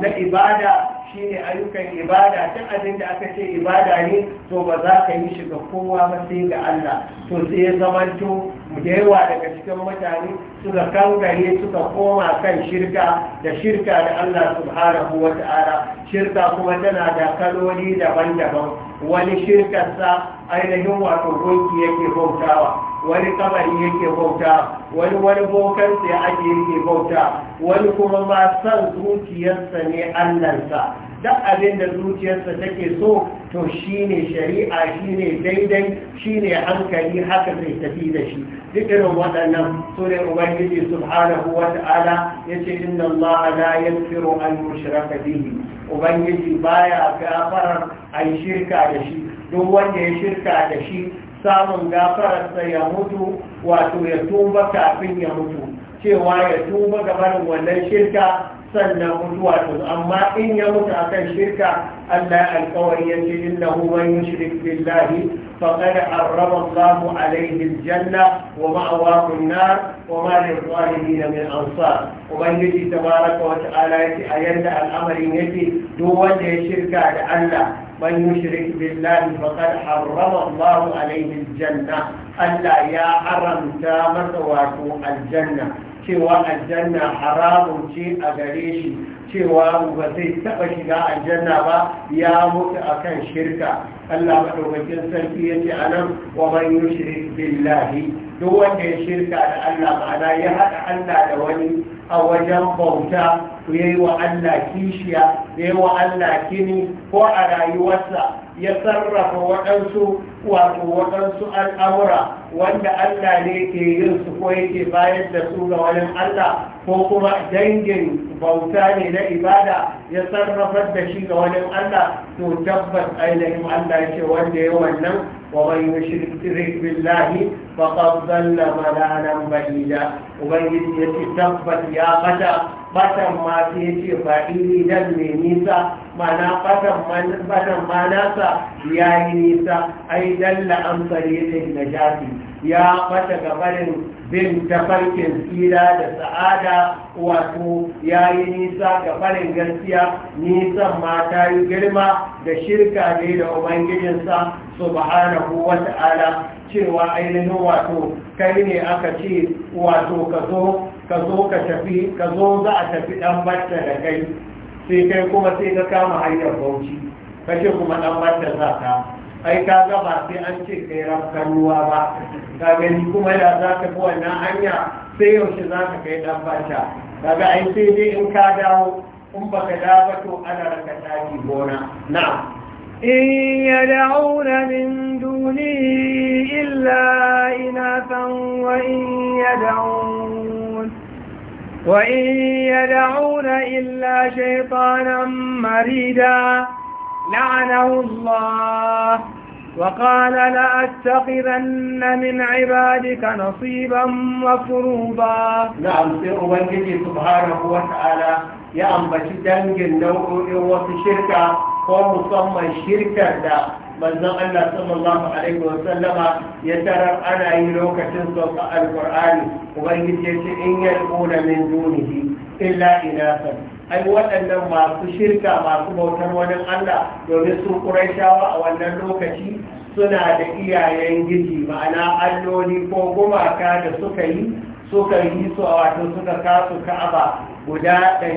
na ibada shine ayyukan ibada tun abin da aka ce ibada ne to ba za ka yi shiga kowa ba sai ga Allah to sai ya zamanto da yawa daga cikin mutane suka kangare suka koma kan shirka da shirka da Allah subhanahu wa ta'ala shirka kuma tana da kaloli daban-daban wani shirkarsa ainihin wato gunki yake bautawa wani kabari yake bauta wani wani bokan sai ake yake bauta wani kuma ma san zuciyarsa ne allansa duk abin da zuciyarsa take so to shine shari'a shine daidai shine hankali haka zai tafi da shi duk irin waɗannan su ne ubangiji subhanahu wa ta'ala ce inna allaha la firo an yushraka bihi ubangiji baya gafarar an shirka da shi duk wanda ya shirka da shi samun gafararsa ya mutu wato ya tuba kafin ya mutu cewa ya tuba gabanin wannan shirka sannan mutuwa ta amma in ya mutu akan shirka Allah alƙawari ya ce innahu man yushrik billahi faqad arraba Allahu alayhi aljanna wa ma'awahu an-nar wa ma lil-zalimin min ansar kuma yaji tabaraka wa ta'ala yace a yanda al'amarin yake duk wanda ya shirka da Allah man yushrik billahi faqad harrama Allahu alayhi aljanna Allah ya haramta masa wato aljanna cewa aljanna haramun ce a gare shi cewa ba zai taɓa shiga aljanna ba ya mutu akan shirka Allah maɗaukakin sarki ya ce a nan wa man yushrik billahi duk wanda ya shirka da Allah ma'ana ya haɗa Allah da wani a wajen bauta ya yi wa Allah kishiya ya yi wa Allah kini ko a rayuwarsa ya sarrafa waɗansu wato waɗansu al'amura wanda Allah ne ke yin su ko yake bayar da su ga wani Allah ko kuma dangin bauta ne na ibada ya sarrafar da shi ga wani Allah to tabbas ainihin Allah ce wanda ya wannan wa bai yushrik billahi faƙar zalla balalan ba'ida ubangiji ya ce tabbat ya ɓata ɓatan ma sai ya ce mai nisa mana ɓatan ma nasa ya yi nisa ai dalla amsari ya na jafi ya fata gabarin bin farkin tsira da sa'ada wato ya yi nisa ga farin gaskiya nisan ma ta yi girma da shirka ne da ubangijinsa subhanahu wa ta'ala cewa ainihin wato kai ne aka ce wato ka zo ka tafi ka zo za a tafi dan batta da kai sai kai kuma sai ka kama hanyar bauchi kace kuma dan batta za ka ai ka gaba sai an ce kai rafkan ruwa ba ka gani kuma da za ka fi wannan hanya sai yaushe za ka kai dan batta daga ai sai dai in ka dawo in baka dawo to ana raka taki gona na'am إن يدعون من دونه إلا إناثا وإن يدعون وإن يدعون إلا شيطانا مريدا لعنه الله وقال لأتخذن من عبادك نصيبا مفروضا نعم سيروانجي سبحانه وتعالى يا أمبتي دنجل نوء وشركة ومصمم شركة دا manzon Allah sallallahu alaihi wa sallama ya tarar ana yi lokacin sauka alqur'ani ubangiji ya ce in yalquna min dunihi illa inasan ai waɗannan masu shirka masu bautar wani Allah domin su Qurayshawa a wannan lokaci suna da iyayen giji ma'ana alloli ko gumaka da suka yi suka yi su a wato suka kasu ka'aba guda da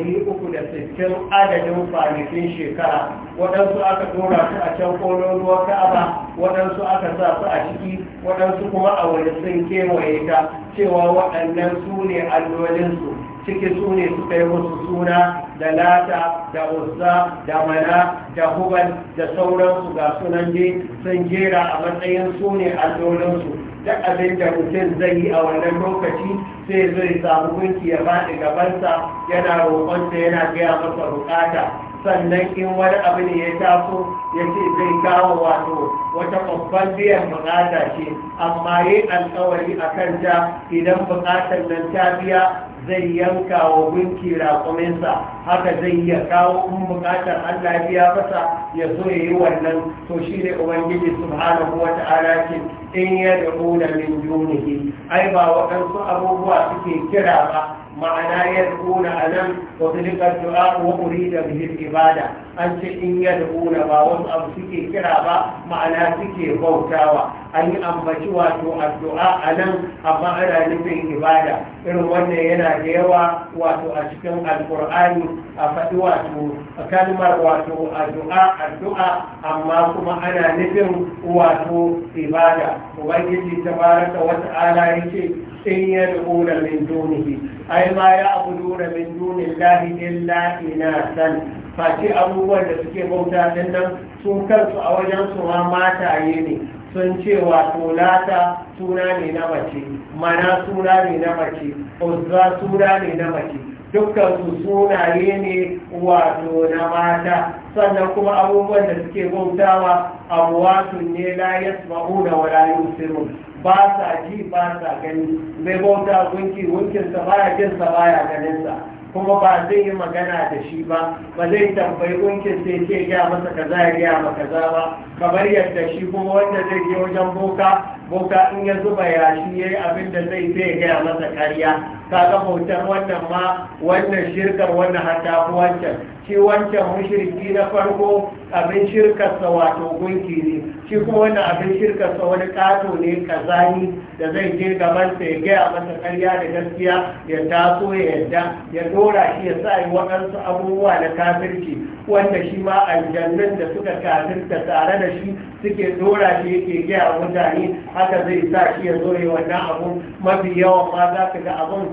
sittin adadin kwanakin shekara waɗansu aka tura su a can kolon ruwan ka'aba waɗansu aka sa su a ciki waɗansu kuma a wani sun kewaye ta cewa waɗannan su ne allolinsu ciki su ne suka yi musu suna da lata da uzza da mana da hubal da sauransu ga sunan sun jera a matsayin su ne allolinsu duk abin da mutum zai yi a wannan lokaci sai zai samu gunki ya faɗi gabansa yana roƙonsa yana gaya masa bukata sannan in wani abu ne ya taso ya ce zai kawo wato wata babban biyan bukata ce amma yi alkawari a kan ta idan bukatar nan ta biya zai yanka wa gunki raƙuminsa, haka zai ya kawo in bukatar Allah biya fasa, ya so ya yi wannan to shi ne ubangiji subhanahu wa ta'ala ce in ya da min dunihi ai ba waɗansu abubuwa suke kira ba ma'ana yad'una anan wa tilka du'a wa urida bihi ibada an ce in yad'una ba wasu abu suke kira ba ma'ana suke bautawa an yi ambaci wato addu'a anan amma ana nufin ibada irin wannan yana da yawa wato a cikin alqur'ani a faɗi wato kalmar wato addu'a addu'a amma kuma ana nufin wato ibada ubangiji tabaraka wa ta'ala yake in yad'una min dunihi ai ma ya'buduna min dunillahi illa inasan fati abubuwan da suke bauta din nan sun kansu a wajen su ma mataye ne sun ce wato lata suna ne na mace mana suna ne na mace uzza suna ne na mace dukkan su sunaye ne wato na mata sannan kuma abubuwan da suke bautawa abuwatun ne la yasma'una wa yusirun ba sa ji ba sa gani mai bauta gunki gunkinsa baya jinsa baya ganinsa kuma ba zai yi magana da shi ba ba zai tambayi gunkin sai ke ya masa kaza ya gaya ma kaza ba kabar yadda shi kuma wanda zai yi wajen boka boka in ya zuba yashi ya yi abin da zai zai gaya masa kariya. Ka kaga hoton wannan ma wannan shirkar wannan hata wancan shi wancan mushirki na farko abin shirkarsa wato gunki ne shi kuma wannan abin shirkarsa wani kato ne kazani da zai je sa ya gaya masa karya da gaskiya ya taso ya yadda ya dora shi ya sa yi waɗansu abubuwa na kafirci wanda shi ma aljannun da suka kafirta tare da shi suke dora shi yake gaya mutane haka zai sa shi ya zo ya wannan abun. mafi yawan ma za ka ga abun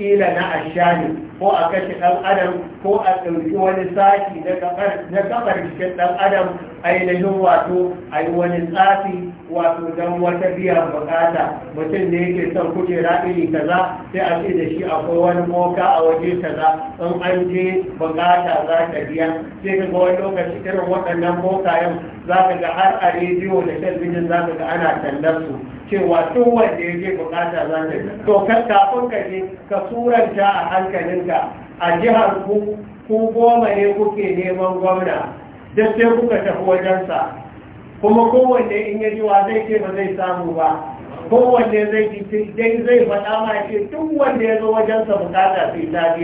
kila na ashani ko a kashe ɗan adam ko a ɗauki wani sashi na kafar jikin ɗan adam ainihin wato a yi wani tsafi wato don wata biyan bukata mutum ne yake son kuje iri kaza sai a ce da shi akwai wani moka a waje kaza in an je bukata za ta biya sai ka ga wani lokaci irin waɗannan mokayen za ka ga har a rediyo da talbijin za ka ga ana tallar su cewa duk wanda ya je bukata za ta biya to kafin ka je ka turanta a hankalinka a jihar ku ku goma ne kuke neman gwamna duk sai kuka tafi wajensa kuma kowanne in ya ji wa zai ce ba zai samu ba kowanne zai ji dai zai faɗa ma ce duk wanda ya zo wajensa bukata sai ta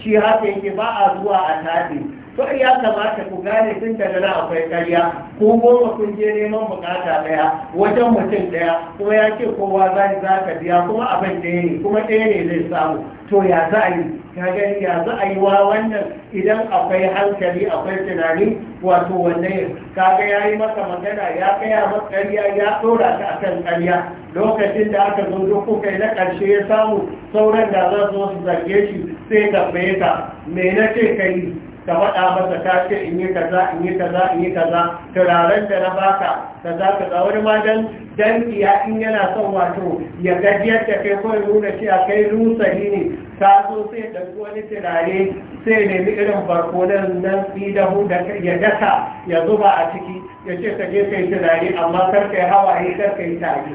shi haka yake ba a zuwa a tafi to ya kamata ku gane tun da na akwai karya, ko goma kun je neman bukata daya wajen mutum daya kuma ya ce kowa za ka biya kuma abin ɗaya ne kuma ɗaya ne zai samu to ya za a yi ka gani ya za a yi wa wannan idan akwai hankali akwai tunani wato wannan kaga ya yi maka magana ya kaya maka karya ya ɗora ka akan karya, lokacin da aka zo duk kuka yi na ƙarshe ya samu sauran da za su zarge shi sai ka me na ce ka yi ka faɗa masa ka ce in yi kaza in yi kaza in yi kaza turaren da na baka kaza kaza wani ma dan dan iya in yana son wato ya gajiyar da kai ko ya nuna cewa kai lusani ne ta so sai da wani turare sai nemi irin barkonan nan fi da hu da ya daka ya zuba a ciki ya ce ka je kai turare amma kar kai hawaye kar kai tari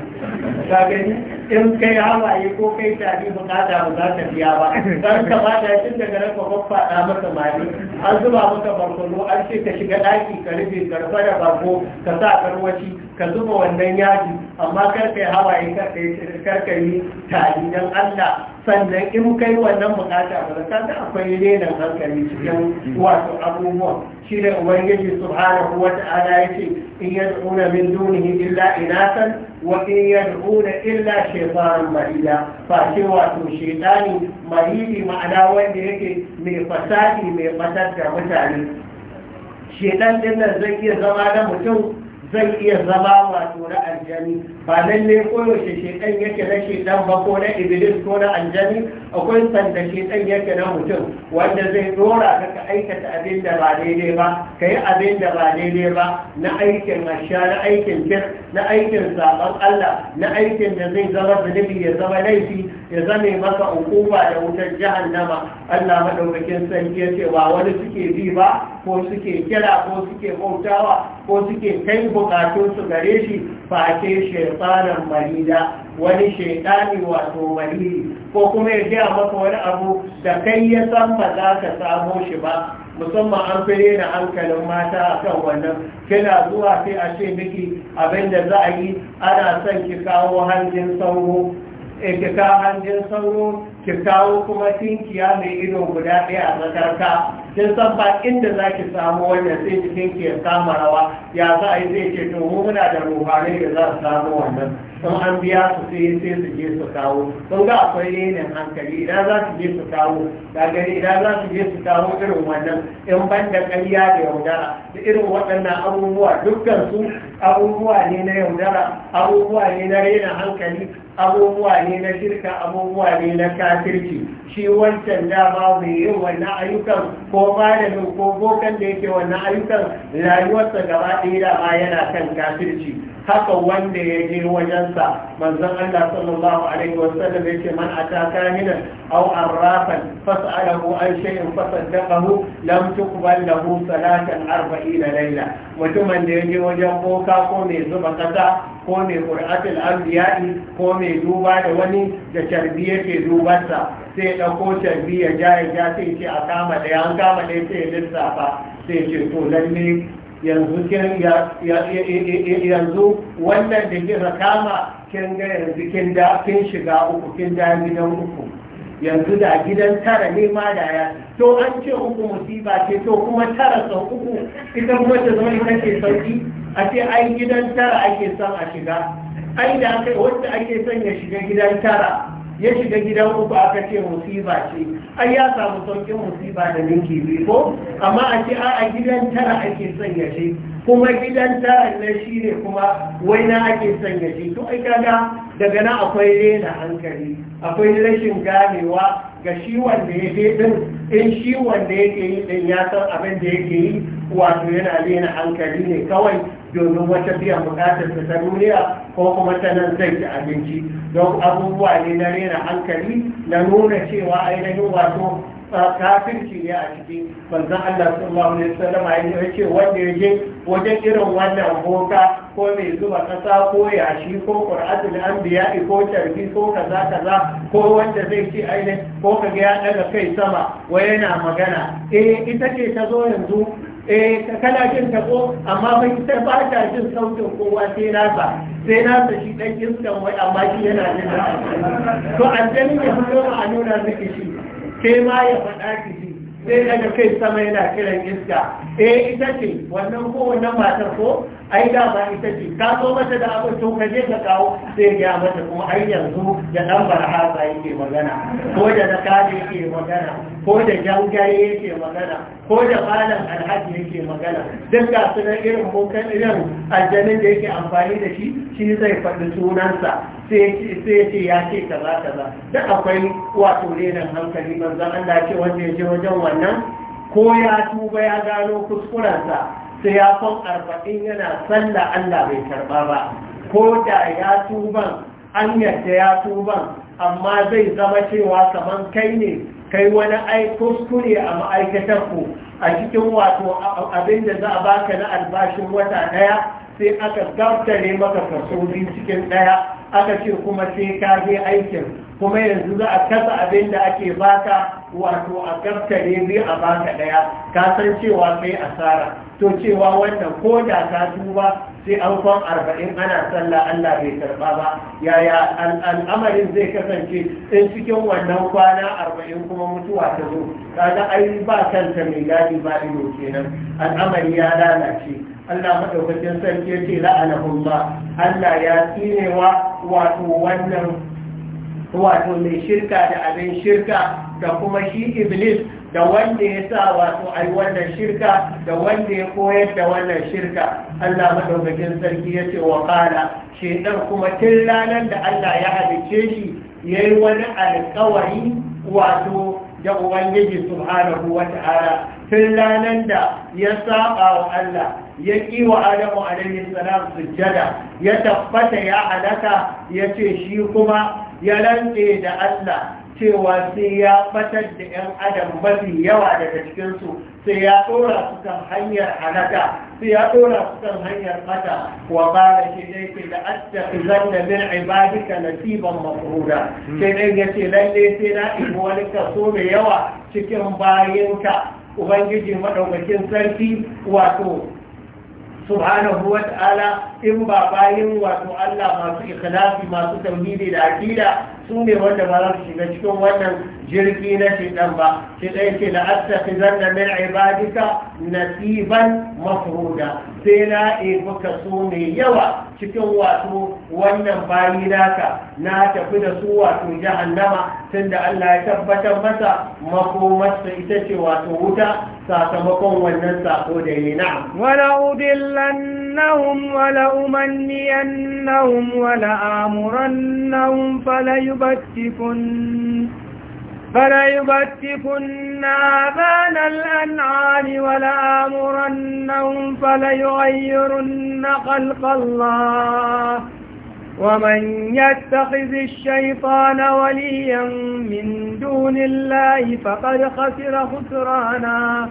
ka gani in kai hawaye ko kai tari bukata ba za ta biya ba kar ka da tun daga nan ka masa mali an zuba maka barkono an ce ka shiga daki ka rufe garba da barko ka sa garwaci ka zuba wannan yaji amma kar kai hawaye kar kai tari dan Allah sannan in kai wannan bukata ba ta da akwai renan hankali cikin wato abubuwan. shi da ubangiji subhanahu wa ta'ala yace in yad'una min dunihi illa inasan wa in yad'una illa shaytanan marida fa shi wato shaytani maridi ma'ana wanda yake mai fasadi mai batar da mutane shaytan din nan zai iya zama da mutum zai iya zama wato na aljani ba ne koyaushe shekan yake na shekan ba ko na iblis ko na aljani akwai sanda shekan yake na mutum wanda zai dora ka ka aikata abin da ba daidai ba ka yi abin da ba daidai ba na aikin asha na aikin bir na aikin sabon allah na aikin da zai zama zunubi ya zama laifi ya zame maka hukuma da wutar jahannama allah maɗaukakin sarki ya ce ba wani suke bi ba ko suke kira ko suke bautawa ko suke kai su gare shi ba ke shaitanan marida wani shekani wato mariri ko kuma ya gaya maka wani abu da kai ya san ba za ka samo shi ba musamman an fi na hankalin mata a kan wannan kina zuwa sai a ce miki abinda za a yi ana son ki kawo hanjin eh, ki hanjin sauro ki kawo kuma tinkiya mai ido guda ɗaya a tsakarka kin san ba inda za ki samu wannan sai ki tinkiya kama rawa ya za a yi zai ce to mu muna da ruhanai da za su samu wannan sun an biya su sai sai su je su kawo sun ga akwai yanayin hankali idan za su je su kawo da gani idan za su je su kawo irin wannan in ban da ƙarya da yaudara da irin waɗannan abubuwa dukkan su abubuwa ne na yaudara abubuwa ne na rena hankali abubuwa ne na shirka abubuwa ne na kafirci shi wancan dama mai yi wannan ayyukan ko malamin ko bokan da yake wannan ayyukan rayuwarsa gaba ɗaya ba yana kan kafirci haka wanda ya je wajensa manzon Allah sallallahu alaihi wasallam yace man ata kahinan aw arrafan fas'alahu an shay'in fasaddaqahu lam tuqbal lahu salatan arba'ina layla mutumin da ya je wajen boka ko mai zuba kasa ko mai qur'atul anbiya'i ko mai duba da wani da tarbiya yake dubarsa sai ko tarbiya ja ja sai ce a kama da an kama da sai lissafa sai ce to lalle yanzu yanzu wannan da kika kama kin ga yanzu kin da kin shiga uku kin da gidan uku yanzu da gidan tara ne ma da ya to an ce uku musiba ce to kuma tara sau uku ita kuma ta zama ita ce sauki a ce ai gidan tara ake son a shiga ai da aka wanda ake son ya shiga gidan tara ya shiga gidan uku aka ce musiba ce ai ya samu sauƙin musiba da ninki ko amma a ce a gidan tara ake sanya shi kuma gidan tara na shi ne kuma wai na ake sanya shi to ai kaga daga nan akwai rena hankali akwai rashin ganewa ga shi wanda ya je din in shi wanda yake yi din ya san abin da yake yi wato yana rena hankali ne kawai domin wata biyan bukatar ta duniya ko kuma ta nan zai ci abinci don abubuwa ne na rena hankali na nuna cewa ainihin wato kafirci ne a ciki manzon Allah sallallahu alaihi wasallam ya ce wanda ya je wajen irin wannan boka ko mai zuba kasa ko yashi ko qur'atul anbiya ko tarbi ko kaza kaza ko wanda zai ce aine ko kaga ya daga kai sama wai yana magana eh ita ce ta zo yanzu eh kana jin tabo amma mai ta ba ta jin sautin kowa sai nasa sai nasa shi dan iskan wai amma shi yana jin to aljani ya fito a nuna miki shi sai ma ya faɗa ki shi sai daga kai sama yana kiran iska eh ita ce wannan ko wannan matar ko ai da ba ita ce ka zo mata da abin to ka je ka kawo sai ya mata kuma ai yanzu da dan barhaza yake magana ko da zakari yake magana ko da jangaye yake magana ko da malam alhaji magana duk ga su na irin bokan irin aljanin da yake amfani da shi shi zai faɗi sunansa sai ce ya ce kaza kaza da akwai wato renan hankali manzan Allah ce wanda ya je wajen wannan ko ya tuba ya gano kuskurensa sai ya san arba'in yana sallah Allah bai karɓa ba ko da ya tuban an yadda ya tuban amma zai zama cewa kamar kai ne kai wani ai kuskure a ma'aikatar ku a cikin wato abin da za a baka na albashin wata daya sai aka gaftare maka kaso biyu cikin daya aka ce kuma sai ka je aikin kuma yanzu za a kasa abin da ake baka wato a gaftare zai a baka daya ka san cewa sai asara to cewa wannan ko da ka duba sai an kwan arba'in ana sallah Allah bai karba ba yaya al'amarin zai kasance in cikin wannan kwana arba'in kuma mutuwa ta zo kaga ai ba kanta mai gadi ba ido kenan al'amari ya lalace Allah madaukakin sarki ke ce la'anahullah Allah ya tsinewa wato wannan wato mai shirka da abin shirka da kuma shi iblis da wanda ya sa wato ai wannan shirka da wanda ya koyar da wannan shirka Allah madaukakin sarki ya ce wa kana shedan kuma tun ranar da Allah ya halicce shi yayi wani alƙawari wato da ubangiji subhanahu wa ta'ala tun ranar da ya saba wa Allah ya ƙi wa adamu alaihi salam sujjada ya tabbata ya halaka ya ce shi kuma ya rantse da Allah cewa sai ya batar da 'yan adam mafi yawa daga cikinsu sai ya ɗora su kan hanyar halaka sai ya tsora su kan hanyar mata wa bara shi dai da asta izan da min ibadika nasiban mafruda hmm. sai dai ya ce lalle sai na ibo wani kaso mai yawa cikin bayinka ubangiji madaukakin sarki wato subhanahu wa ta'ala in ba bayin wato Allah masu ikhlasi masu tauhidi da aqida su ne wanda ba za su shiga cikin wannan jirgi na shidan ba shi ɗaya ce la attakhizan na min ibadika nasiban mafruda sai na ebi kaso mai yawa cikin wato wannan bayi naka na tafi da su wato jahannama tunda Allah ya tabbatar masa makomarsa ita ce wato wuta sakamakon wannan sako da yi na'am wala udillan لأمرنهم ولأمنينهم ولآمرنهم فليبتكن فليبتكن آذان الأنعام ولآمرنهم فليغيرن خلق الله ومن يتخذ الشيطان وليا من دون الله فقد خسر خسرانا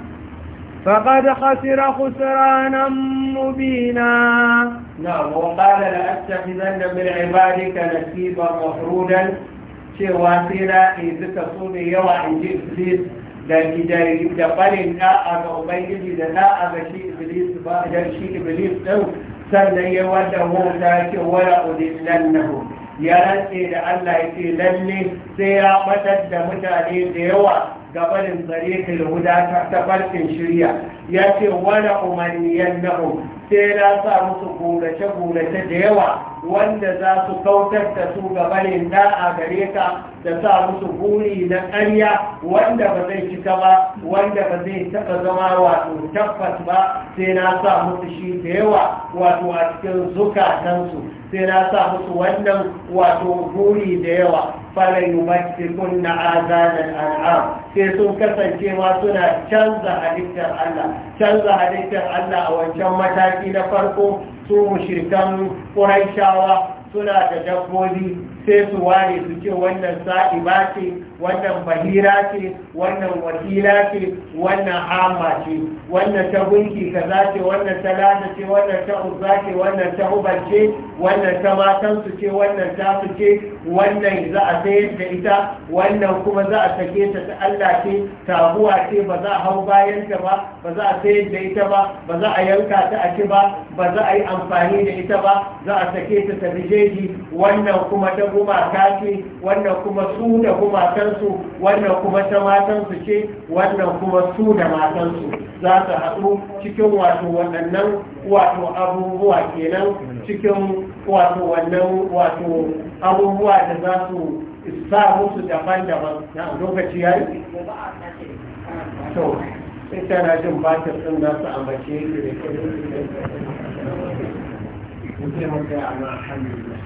فقد خسر خسرانا مبينا نعم وقال لأتخذن من عبادك نسيبا محرودا شيء واسيرا إذا تصوني يوى عن شيء إبليس لأن إذا قال إن أعب أبيض إذا لا أعب شيء إبليس فأجل شيء إبليس أو سنة يوى له ولا أذلنه ya rantse da Allah ya ce lalle sai ya batar da mutane da yawa ga gabanin tsarikul huda ta farkin shirya ya ce umarni umarniyan nahu sai na sa musu gurace-gurace da yawa wanda za su kautar da su gabanin da'a gare ka da sa musu buri na ƙarya wanda ba zai cika ba wanda ba zai taɓa zama wato tabbas ba sai na sa musu shi da yawa wato a cikin zukatansu sai na sa musu wannan wato buri da yawa fala yumattikun na azanan al'am. sai sun kasance ma suna canza halittar Allah canza halittar Allah a wancan mataki na farko su mushrikan ƙuraishawa suna da dabbobi sai su ware su ce wannan sa'iba ce wannan bahira ce wannan wakila ce wannan hama ce wannan ta gunki za ce wannan ta lada ce wannan ta ce wannan ta wannan ta matan su ce wannan ta su ce wannan za a sayar da ita wannan kuma za a sake ta ta Allah ce tabuwa ce ba za a hau bayan ta ba ba za a sayar da ita ba ba za a yanka ta a ci ba ba za a yi amfani da ita ba za a sake ta ta rijeji wannan kuma ta gumaka ce wannan kuma su da gumakansu wannan kuma ta matansu ce wannan kuma su da matansu za su haɗu cikin wato waɗannan wato abubuwa kenan cikin wato wannan wato abubuwa da za su sa musu daban-daban na lokaci ya yi? ita na tana jin batir sun za su ambace yake da ke da